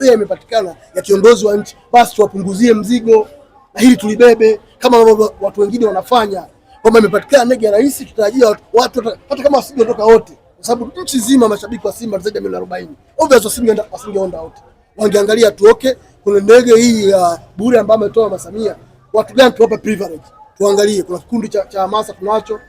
pia imepatikana ya kiongozi wa nchi, basi tuwapunguzie mzigo na hili tulibebe, kama watu wengine wanafanya kwamba imepatikana ndege ya rais, tutarajia watu hata kama wasingeondoka wote, kwa sababu nchi nzima mashabiki wa Simba zaidi ya milioni arobaini, obviously wasingeenda wasingeonda wote, wangeangalia tu okay, kuna ndege hii ya bure ambayo ametoa Mama Samia, watu gani tuwape privilege, tuangalie. Kuna kikundi cha, cha hamasa tunacho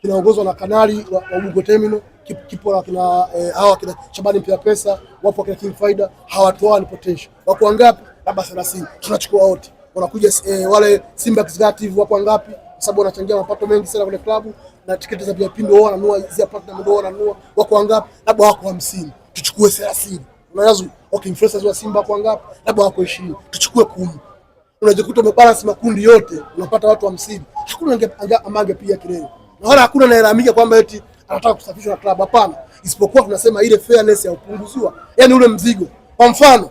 kinaongozwa na kanali wa, wa Ubungo Terminal Kipo na kina eh, hawa kina Shabani mpia pesa, wapo kina King Faida, hawatoa ni potential. Wako wangapi? Labda 30. Tunachukua wote. Wanakuja eh, wale Simba Executive wapo wangapi? sababu wanachangia mapato mengi sana kwenye klabu na tiketi za VIP ndio wao wananua, zia partner ndio wananua. Wako wangapi? Labda wako 50. Tuchukue 30. Unawaza okay, influencers wa Simba wako wangapi? Labda wako 20. Tuchukue 10. Unajikuta umebalance makundi yote, unapata watu 50. Hakuna angepiga kelele. Na wala hakuna anayelalamika kwamba eti anataka kusafishwa na klabu. Hapana, isipokuwa tunasema ile fairness ya upunguziwa, yani ule mzigo. Kwa mfano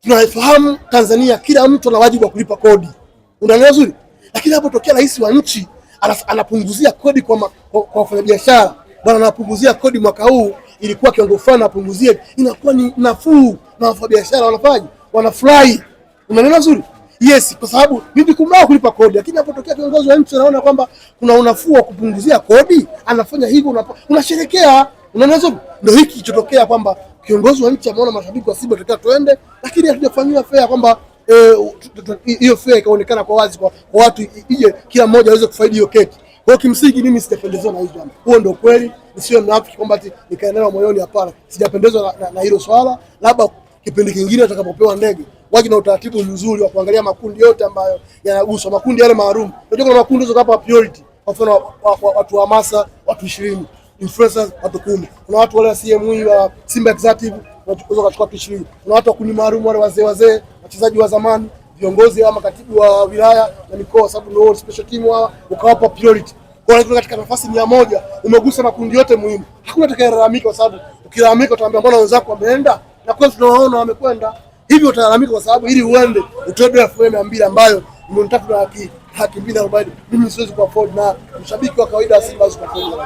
tunafahamu Tanzania, kila mtu ana wajibu wa kulipa kodi, unaelewa vizuri, lakini hapo tokea rais wa nchi anapunguzia kodi kwa wafanyabiashara bwana, anapunguzia kodi mwaka huu ilikuwa kiwango fulani, apunguzie, inakuwa ni nafuu na wafanyabiashara wanafurahi, unaelewa vizuri. Yes, kwa sababu ni jukumu lao kulipa kodi, lakini unapotokea viongozi wa nchi wanaona kwamba kuna unafuu wa kupunguzia kodi, anafanya hivyo, unasherekea unanaweza. Ndio hiki kichotokea kwamba kiongozi wa nchi ameona mashabiki wa Simba tunataka tuende, lakini hatujafanyiwa fair kwamba e, hiyo e, fair ikaonekana kwa wazi kwa kwa watu, ije kila mmoja aweze kufaidi hiyo keki. Kwa kimsingi mimi sitapendezwa na hizo jambo. Huo ndio kweli, nisiwe mnafiki kwamba ati moyoni, hapana. Sijapendezwa na, na, na hilo swala, labda kipindi kingine atakapopewa ndege waje na utaratibu mzuri wa kuangalia makundi yote ambayo yanaguswa, makundi yale maalum. Unajua kuna makundi zokapa priority, kwa mfano watu wa hamasa, watu 20 influencers watu kumi. Kuna watu wale wa CMU e, wa Simba Executive wanachukuzwa kachukua watu 20. Kuna watu wa kundi maalum wale wazee wazee, wachezaji wa zamani, viongozi ama makatibu wa wilaya na mikoa, sababu ndio special team hawa, ukawapa priority. Kwa hiyo katika nafasi mia moja umegusa makundi yote muhimu, hakuna atakayelalamika, kwa sababu ukilalamika utaambia mbona wenzako wameenda, na kwa sababu tunaona wamekwenda hivi utalalamika kwa sababu ili uende utoe dola elfu mia mbili ambayo milioni tatu na laki laki mbili na arobaini mimi siwezi ku afford na mshabiki wa kawaida wa Simba hawezi ku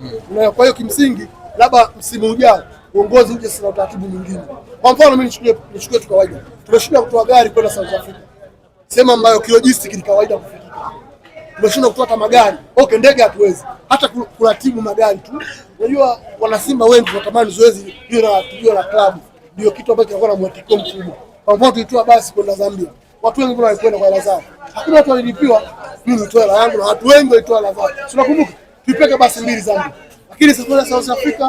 mm. Na kwa hiyo kimsingi, labda msimu ujao uongozi uje sana utaratibu mwingine. Kwa mfano mimi nichukue nichukue tu kawaida, tumeshindwa kutoa gari kwenda South Africa, sema ambayo kilojistiki ni kawaida kufikika. Tumeshindwa kutoa hata magari, okay, ndege hatuwezi hata kuratibu magari tu. Unajua wana Simba wengi watamani zoezi hiyo na tujua la klabu ndio kitu ambacho kinakuwa na mwitikio mkubwa. Kwa mfano tulitoa basi kwenda Zambia, watu wengi mbona walikwenda kwa hela zao? Hakuna watu walilipiwa, mimi nitoa hela yangu na watu wengi walitoa hela zao. Si nakumbuka tulipeka basi mbili Zambia, lakini sisi kwa South Africa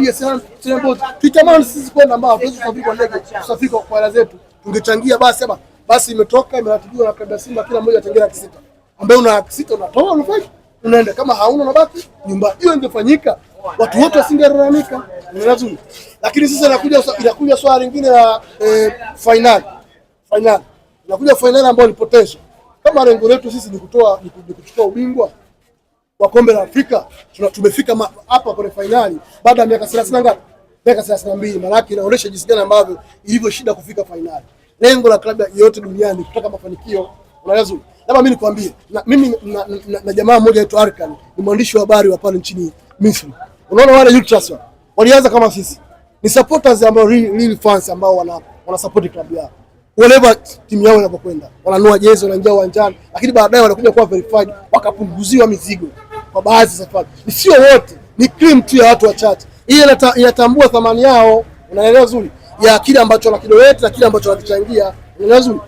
ya sana Chambord, tutamani sisi kwenda mbao, hatuwezi kusafiri kwa ndege, kusafiri kwa hela zetu, tungechangia basi hapa. Basi imetoka imeratibiwa na klabu ya Simba, kila mmoja achangia laki sita, ambaye una laki sita unatoa unafanya unaenda, kama hauna unabaki nyumbani. Hiyo ingefanyika watu wote wasingeraramika. Nzuri. Lakini sasa inakuja inakuja swala lingine la eh, finali. Finali. Inakuja finali ambayo ni potential. Kama lengo letu sisi ni kutoa ni kuchukua ubingwa wa kombe la Afrika, tumefika hapa kwenye finali baada ya miaka 30 ngapi? Miaka 32. Maana yake inaonyesha jinsi gani ambavyo ilivyo shida kufika finali. Lengo la klabu yote duniani kutaka mafanikio. Unaelewa vizuri? Labda mimi nikwambie, mimi na, na, na, na jamaa mmoja anaitwa Arkan, ni mwandishi wa habari wa pale nchini Misri. Unaona wale ultras wale walianza kama sisi, ni supporters ambao real fans ambao wana wana support club yao whatever timu yao inapokwenda, wananua jezi, wanaingia uwanjani, lakini baadaye wanakuja kuwa verified, wakapunguziwa mizigo kwa baadhi ya safari. Sio wote, ni cream tu ya watu wachache. Hii inatambua thamani yao, unaelewa zuri, ya kile ambacho wanakidoleta na kile ambacho wanachangia, unaelewa zuri.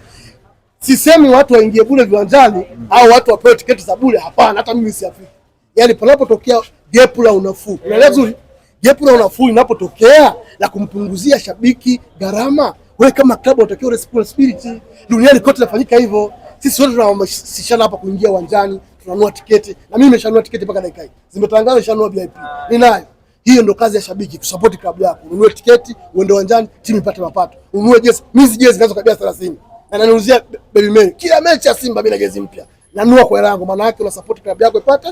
Sisemi watu waingie bure viwanjani au watu wapewe tiketi za bure, hapana. Hata mimi siafiki, yani panapotokea gap la unafuu, unaelewa zuri jepo na unafuu inapotokea la kumpunguzia shabiki gharama. Wewe kama klabu unatakiwa responsibility. Duniani kote inafanyika hivyo. Sisi wote tunahamasishana hapa kuingia uwanjani, tunanua tiketi na mimi nimeshanua tiketi mpaka dakika hii zimetangazwa, nishanua VIP ninayo. Hiyo ndio kazi ya shabiki, kusupport klabu yako. Ununue tiketi, uende uwanjani, timu ipate mapato. Ununue jezi, mimi jezi zinazo kabia 30 na naniuzia baby Mary kila mechi ya Simba, mimi na jezi mpya nanua kwa hela yangu, maana yake una support klabu yako ipate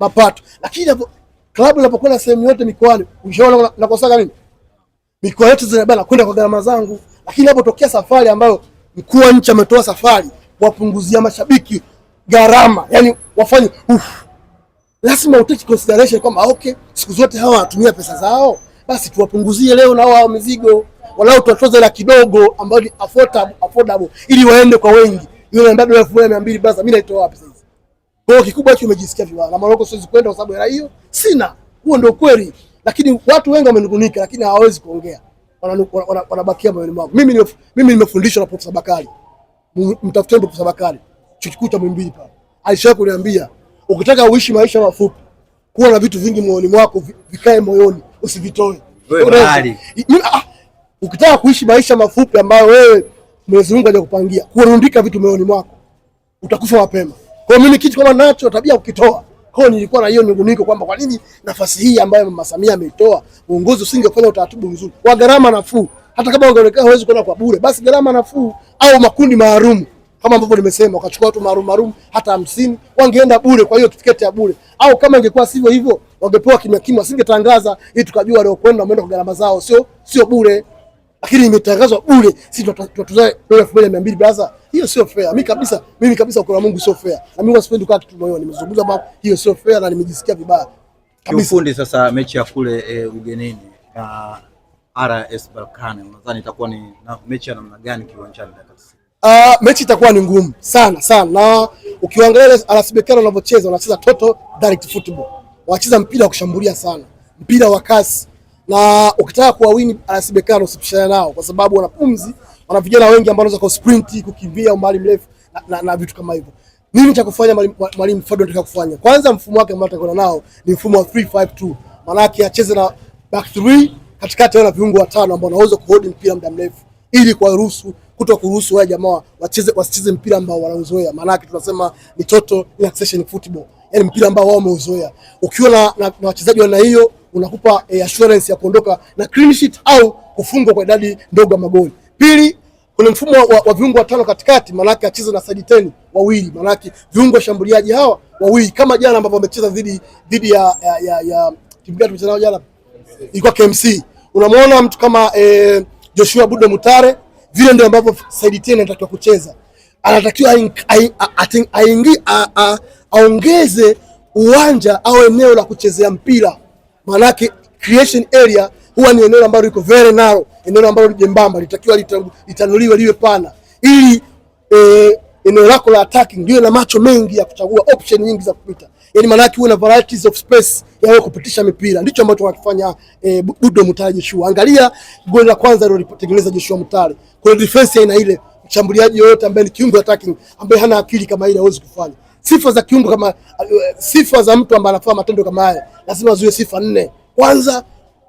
mapato, lakini Klabu inapokwenda sehemu yote mikoani, ushaona nakosaga nini? Mikoa yote zinabana kwenda kwa gharama zangu, lakini hapo tokea safari ambayo mkuu wa nchi ametoa safari kuwapunguzia mashabiki gharama, yani wafanye uf, lazima utake consideration kwamba okay, siku zote hawa wanatumia pesa zao, basi tuwapunguzie leo na hao mizigo, walau tuwatoze la kidogo ambayo ni affordable, affordable ili waende kwa wengi. Yule ambaye 1200 brother, mimi naitoa wapi sasa? Kwa hiyo kikubwa hicho umejisikia vibaya. Na Morocco siwezi kwenda kwa sababu ya hiyo sina. Huo ndio kweli. Lakini watu wengi wamenungunika lakini hawawezi kuongea. Wanabakia moyoni mwao. Mimi ni mimi nimefundishwa na Profesa Bakari. Mtafuteni Profesa Bakari. Chukua kikuu cha Muhimbili pale. Alishawahi kuniambia ukitaka uishi maisha mafupi kuwa na vitu vingi moyoni mwako vikae moyoni usivitoe. Ah, ukitaka kuishi maisha mafupi ambayo wewe Mwenyezi Mungu hajakupangia, kurundika vitu moyoni mwako utakufa mapema. Kwa mimi kitu kama nacho tabia ukitoa. Kwa hiyo nilikuwa na hiyo nyunguniko kwamba kwa nini nafasi hii ambayo Mama Samia ameitoa uongozi usingefanya utaratibu mzuri kwa gharama nafuu, hata kama ungeonekana huwezi kwenda kwa bure, basi gharama nafuu au makundi maalum kama ambavyo nimesema, wakachukua watu maalum maalum hata hamsini wangeenda bure, kwa hiyo tiketi ya bure. Au kama ingekuwa sivyo hivyo, wangepewa kimya kimya, singetangaza ili tukajua waliokwenda wameenda kwa gharama zao, sio sio bure lakini imetangazwa bure, si tunatuzae dola elfu moja mia mbili blaza. Hiyo sio fair. Mimi kabisa, mimi kabisa, kwa Mungu sio fair, na mimi sipendi kwa kitu moyoni. Nimezungumza mambo hiyo sio fair na nimejisikia vibaya kabisa. Kiufundi sasa, mechi ya kule e, ugenini na RS Berkane, unadhani itakuwa ni na, mechi ya namna gani kiwanjani dakika Uh, ah, mechi itakuwa ni ngumu sana sana, na ukiangalia RS Berkane wanavyocheza, wanacheza total direct football, wanacheza mpira wa kushambulia sana, mpira wa kasi na ukitaka kuwawini RS Berkane usipishane nao, kwa sababu wana pumzi, wana vijana wengi ambao wanaweza kusprint, kukimbia umbali mrefu na, na, na vitu kama hivyo. Nini cha kufanya mwalimu Fadlu anataka kufanya? Kwanza mfumo wake ambao atakwenda nao ni mfumo wa 352 maana yake acheze na back 3 katikati na viungo watano ambao wanaweza kuhold mpira muda mrefu ili kuwaruhusu kuto kuruhusu wale jamaa wacheze wasicheze mpira ambao wanauzoea, maana yake tunasema ni total relaxation football yani eh, mpira ambao wao wameuzoea. Ukiwa na, na, na wachezaji wana hiyo unakupa eh, assurance ya kuondoka na clean sheet au kufungwa kwa idadi ndogo ya magoli. Pili, kuna mfumo wa, wa viungo watano katikati, maanake acheze na side ten wawili, maanake viungo washambuliaji hawa wawili, kama jana ambavyo wamecheza dhidi dhidi ya ya, ya, ya timu gani tumecheza nao jana, ilikuwa KMC. Unamwona mtu kama eh, Joshua Budo Mutare, vile ndio ambavyo side ten anatakiwa kucheza, anatakiwa aingie aongeze uwanja au eneo la kuchezea mpira, maanake creation area huwa ni eneo ambalo liko very narrow, eneo ambalo jembamba litakiwa litanuliwe liwe pana, ili e, eneo lako la attacking liwe na macho mengi ya kuchagua, option nyingi za kupita, yani maanake uwe na varieties of space ya wewe kupitisha mipira. Ndicho ambacho wakifanya e, eh, Budo Mutale Joshua. Angalia goli la kwanza lilotengeneza Joshua Mutale, kwa defense aina ile, mshambuliaji yoyote ambaye ni kiungo attacking ambaye hana akili kama ile hawezi kufanya sifa za kiumbe kama eh, sifa za mtu ambaye anafanya matendo kama haya lazima ziwe sifa nne. Kwanza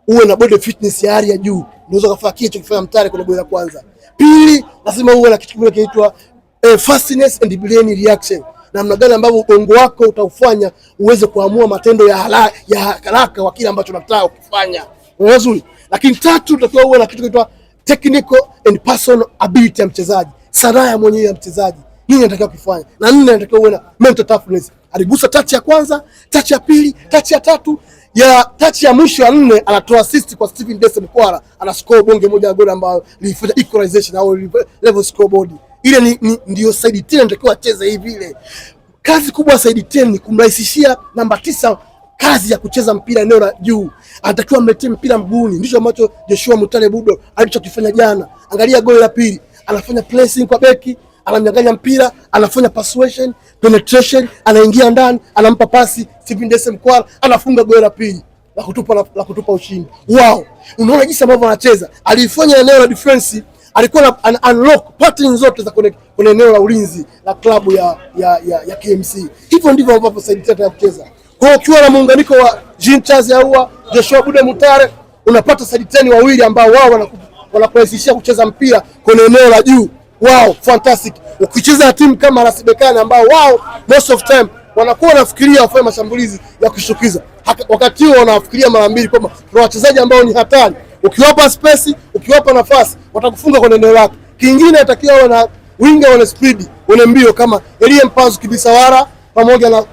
uwe na body fitness ya hali ya juu, ndio unaweza kufanya kitu kifanya mtare kuna goli la kwanza. Pili, lazima uwe na kitu kimoja kinaitwa eh, fastness and brain reaction, namna gani ambavyo ubongo wako utaufanya uweze kuamua matendo ya hala, ya haraka kwa kile ambacho unataka kufanya. Unazuri. Lakini tatu, utakiwa uwe na kitu kinaitwa technical and personal ability ya mchezaji, sanaa ya mwenyewe ya mchezaji hii anatakiwa kufanya. Na nne anatakiwa uwe na mental toughness. Aligusa tachi ya kwanza, tachi ya pili, tachi ya tatu, ya tachi ya mwisho ya nne anatoa assist kwa Steven Dese Mkwara, ana score bonge moja la goli ambayo lilifuta equalization au level scoreboard. Ile ni, ni ndio side ten anatakiwa acheze hivi ile. Kazi kubwa ya side ten ni kumrahisishia namba tisa kazi ya kucheza mpira eneo la juu, anatakiwa mletee mpira mguuni. Ndicho ambacho Joshua Mutale Budo alichokifanya jana. Angalia goli la pili, anafanya pressing kwa beki ananyang'anya mpira, anafanya persuasion, penetration, anaingia ndani, anampa pasi Steven Dese Mkwala, anafunga goli la pili la kutupa la kutupa ushindi. Wow, unaona jinsi ambavyo anacheza. Alifanya eneo la defense, alikuwa na ana unlock patterns zote za kwenye eneo la ulinzi la klabu ya ya, ya, ya KMC. Hivyo ndivyo ambavyo Said Tete anacheza. Kwa hiyo ukiwa na muunganiko wa Jean Charles Ahoua, Joshua Bude Mutare, unapata Said Tete wawili ambao wao wanakuwezeshia kucheza mpira kwenye eneo la juu wao fantastic. Ukicheza na timu kama RS Berkane ambao wao most of time wanakuwa wanafikiria wafanye mashambulizi ya kushukiza, wakati huo wanafikiria mara mbili kwamba kuna wachezaji ambao ni hatari. Ukiwapa space, ukiwapa nafasi, watakufunga kwenye eneo lako. Kingine atakiwa awe na winga wenye speed, wenye mbio kama Elie Mpanzu Kibisawara pamoja na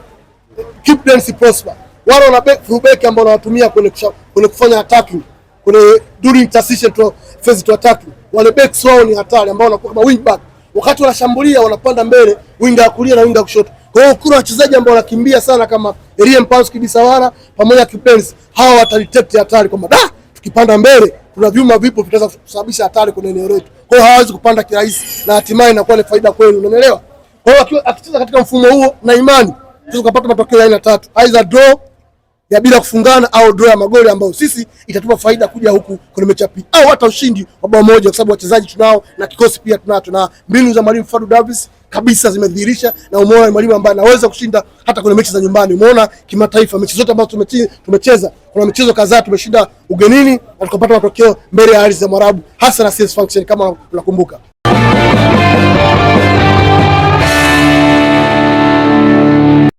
Kipdensi Prosper, wale wana fullback ambao wanawatumia kwenye kufanya attacking, kwenye during transition to phase to attacking wale backs wao ni hatari ambao wanakuwa kama wing back, wakati wanashambulia wanapanda mbele, winga ya kulia na winga ya kushoto. Kwa hiyo kuna wachezaji ambao wanakimbia sana kama Elie Mpanzu Bisawara pamoja na Kipenzi, hawa watalitetea hatari kwamba da, tukipanda mbele kuna vyuma vipo vitaweza kusababisha hatari kwenye eneo letu. Kwa hiyo hawawezi kupanda kirahisi na hatimaye inakuwa ni faida kwenu, unaelewa? Kwa hiyo akicheza katika mfumo huo na imani tunaweza matokeo ya aina tatu, either draw ya bila kufungana au draw ya magoli ambayo sisi itatupa faida kuja huku kwenye mechi ya pili au hata ushindi wa bao moja, kwa sababu wachezaji tunao na kikosi pia tunacho, na mbinu za mwalimu Fadu Davis kabisa zimedhihirisha, na umeona mwalimu ambaye anaweza kushinda hata kwenye mechi za nyumbani. Umeona kimataifa, mechi zote ambazo tumecheza tumecheza, kuna michezo kadhaa tumeshinda ugenini na tukapata matokeo mbele ya ardhi za Mwarabu, hasa na CS Function kama unakumbuka.